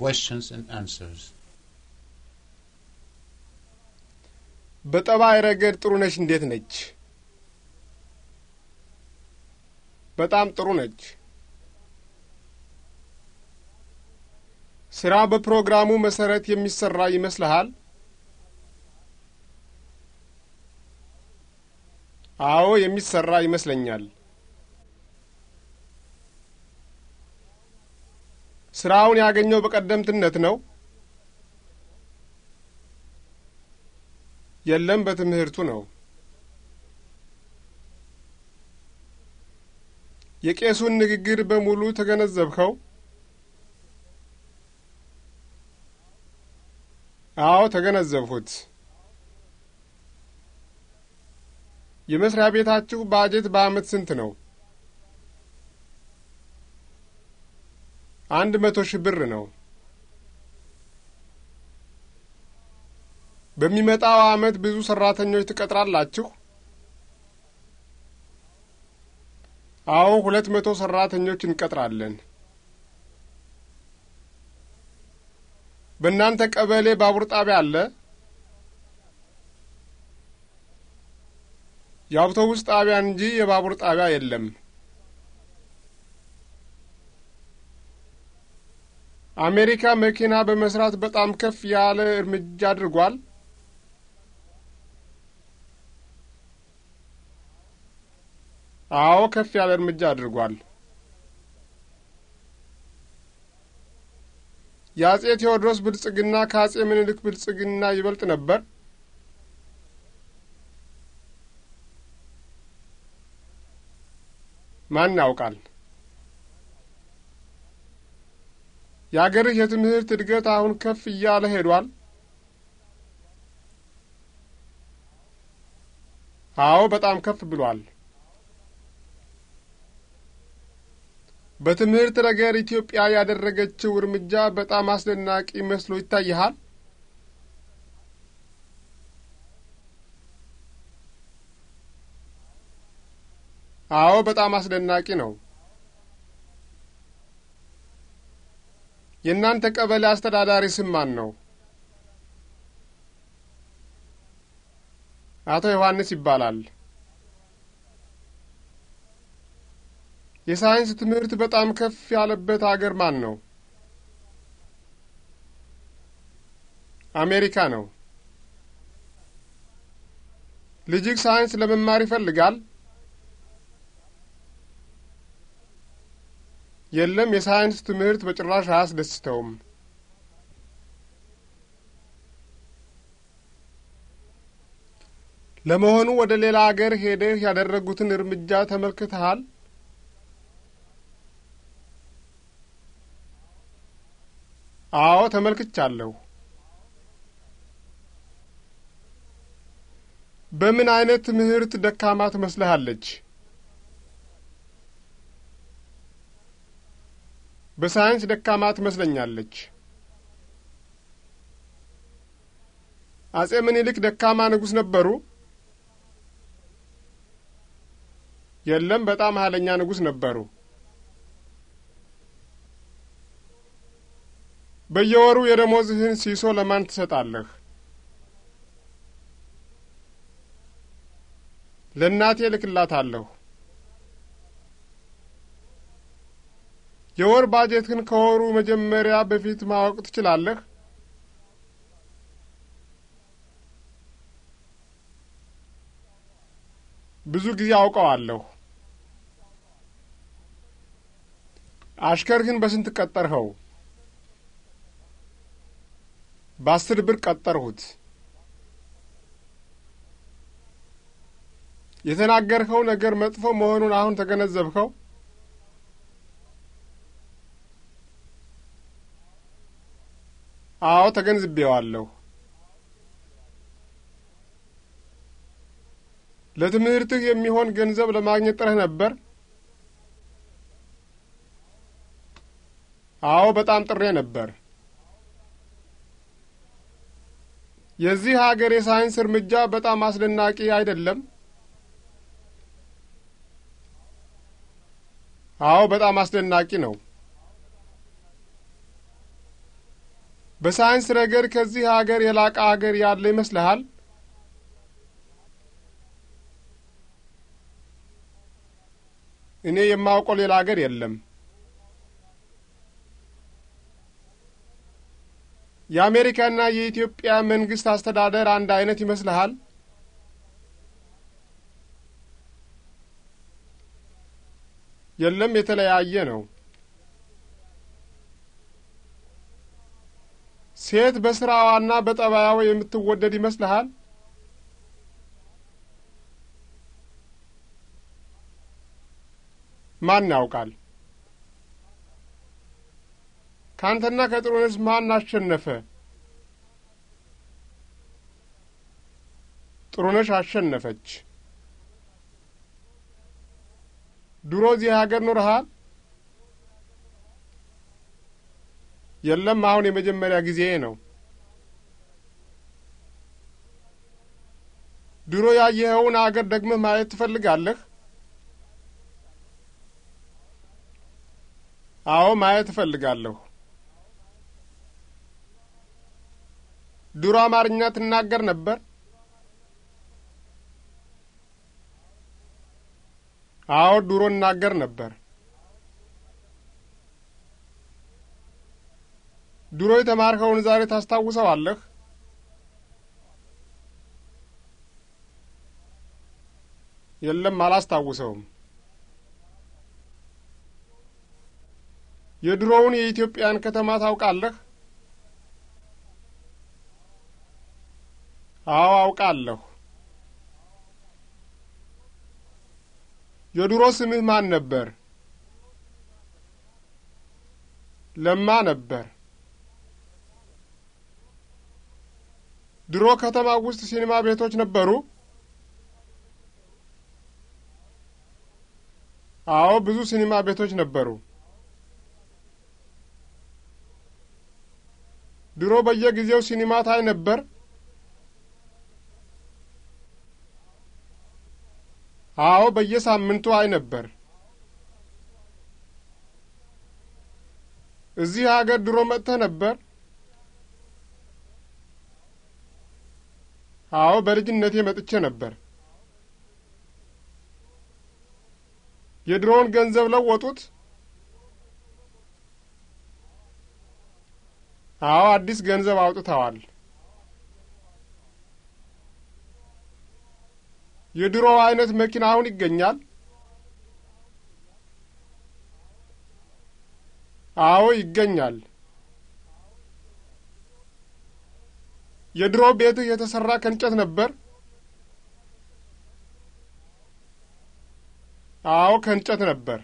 questions and answers. በጠባይ ረገድ ጥሩ ነች እንዴት ነች? በጣም ጥሩ ነች። ስራ በፕሮግራሙ መሰረት የሚሰራ ይመስልሃል? አዎ፣ የሚሰራ ይመስለኛል። ስራውን ያገኘው በቀደምትነት ነው? የለም፣ በትምህርቱ ነው። የቄሱን ንግግር በሙሉ ተገነዘብከው አዎ፣ ተገነዘብሁት። የመስሪያ ቤታችሁ ባጀት በአመት ስንት ነው? አንድ መቶ ሺህ ብር ነው። በሚመጣው ዓመት ብዙ ሰራተኞች ትቀጥራላችሁ? አዎ፣ ሁለት መቶ ሰራተኞች እንቀጥራለን። በእናንተ ቀበሌ ባቡር ጣቢያ አለ? የአውቶቡስ ጣቢያ እንጂ የባቡር ጣቢያ የለም። አሜሪካ መኪና በመስራት በጣም ከፍ ያለ እርምጃ አድርጓል። አዎ ከፍ ያለ እርምጃ አድርጓል። የአጼ ቴዎድሮስ ብልጽግና ከአጼ ምኒልክ ብልጽግና ይበልጥ ነበር። ማን ያውቃል? የአገርህ የትምህርት እድገት አሁን ከፍ እያለ ሄዷል? አዎ፣ በጣም ከፍ ብሏል። በትምህርት ነገር ኢትዮጵያ ያደረገችው እርምጃ በጣም አስደናቂ መስሎ ይታይሃል? አዎ፣ በጣም አስደናቂ ነው። የእናንተ ቀበሌ አስተዳዳሪ ስም ማን ነው? አቶ ዮሐንስ ይባላል። የሳይንስ ትምህርት በጣም ከፍ ያለበት አገር ማን ነው? አሜሪካ ነው። ልጅግ ሳይንስ ለመማር ይፈልጋል? የለም የሳይንስ ትምህርት በጭራሽ አያስደስተውም። ለመሆኑ ወደ ሌላ አገር ሄደህ ያደረጉትን እርምጃ ተመልክተሃል? አዎ ተመልክቻለሁ። በምን አይነት ትምህርት ደካማ ትመስልሃለች? በሳይንስ ደካማ ትመስለኛለች። አጼ ምኒልክ ደካማ ንጉሥ ነበሩ? የለም፣ በጣም ኃይለኛ ንጉሥ ነበሩ። በየወሩ የደሞዝህን ሲሶ ለማን ትሰጣለህ? ለእናቴ እልክላታለሁ። የወር ባጀትን ከወሩ መጀመሪያ በፊት ማወቅ ትችላለህ? ብዙ ጊዜ አውቀዋለሁ። አሽከርህን በስንት ቀጠርኸው? በአስር ብር ቀጠርሁት። የተናገርኸው ነገር መጥፎ መሆኑን አሁን ተገነዘብኸው? አዎ ተገንዝቤዋለሁ። ለትምህርትህ የሚሆን ገንዘብ ለማግኘት ጥረህ ነበር? አዎ በጣም ጥሬ ነበር። የዚህ አገር የሳይንስ እርምጃ በጣም አስደናቂ አይደለም? አዎ በጣም አስደናቂ ነው። በሳይንስ ረገድ ከዚህ አገር የላቀ አገር ያለ ይመስልሃል? እኔ የማውቀው ሌላ አገር የለም። የአሜሪካና የኢትዮጵያ መንግስት አስተዳደር አንድ አይነት ይመስልሃል? የለም፣ የተለያየ ነው። ሴት በስራዋና በጠባያው የምትወደድ ይመስልሃል? ማን ያውቃል? ካንተና ከጥሩንስ ማን አሸነፈ? ጥሩነሽ አሸነፈች። ድሮ እዚህ ሀገር ኖርሃል? የለም አሁን የመጀመሪያ ጊዜ ነው። ድሮ ያየኸውን አገር ደግመህ ማየት ትፈልጋለህ? አዎ ማየት እፈልጋለሁ። ድሮ አማርኛ ትናገር ነበር? አዎ ድሮ እናገር ነበር። ድሮ የተማርከውን ዛሬ ታስታውሰዋለህ? የለም፣ አላስታውሰውም። የድሮውን የኢትዮጵያን ከተማ ታውቃለህ? አዎ፣ አውቃለሁ። የድሮ ስምህ ማን ነበር? ለማ ነበር። ድሮ ከተማ ውስጥ ሲኒማ ቤቶች ነበሩ? አዎ፣ ብዙ ሲኒማ ቤቶች ነበሩ። ድሮ በየጊዜው ሲኒማ ታይ ነበር? አዎ፣ በየሳምንቱ አይ ነበር። እዚህ አገር ድሮ መጥተህ ነበር? አዎ በልጅነቴ መጥቼ ነበር። የድሮውን ገንዘብ ለወጡት? አዎ አዲስ ገንዘብ አውጥተዋል። የድሮው አይነት መኪና አሁን ይገኛል? አዎ ይገኛል። የድሮ ቤትህ የተሰራ ከእንጨት ነበር? አዎ ከእንጨት ነበር።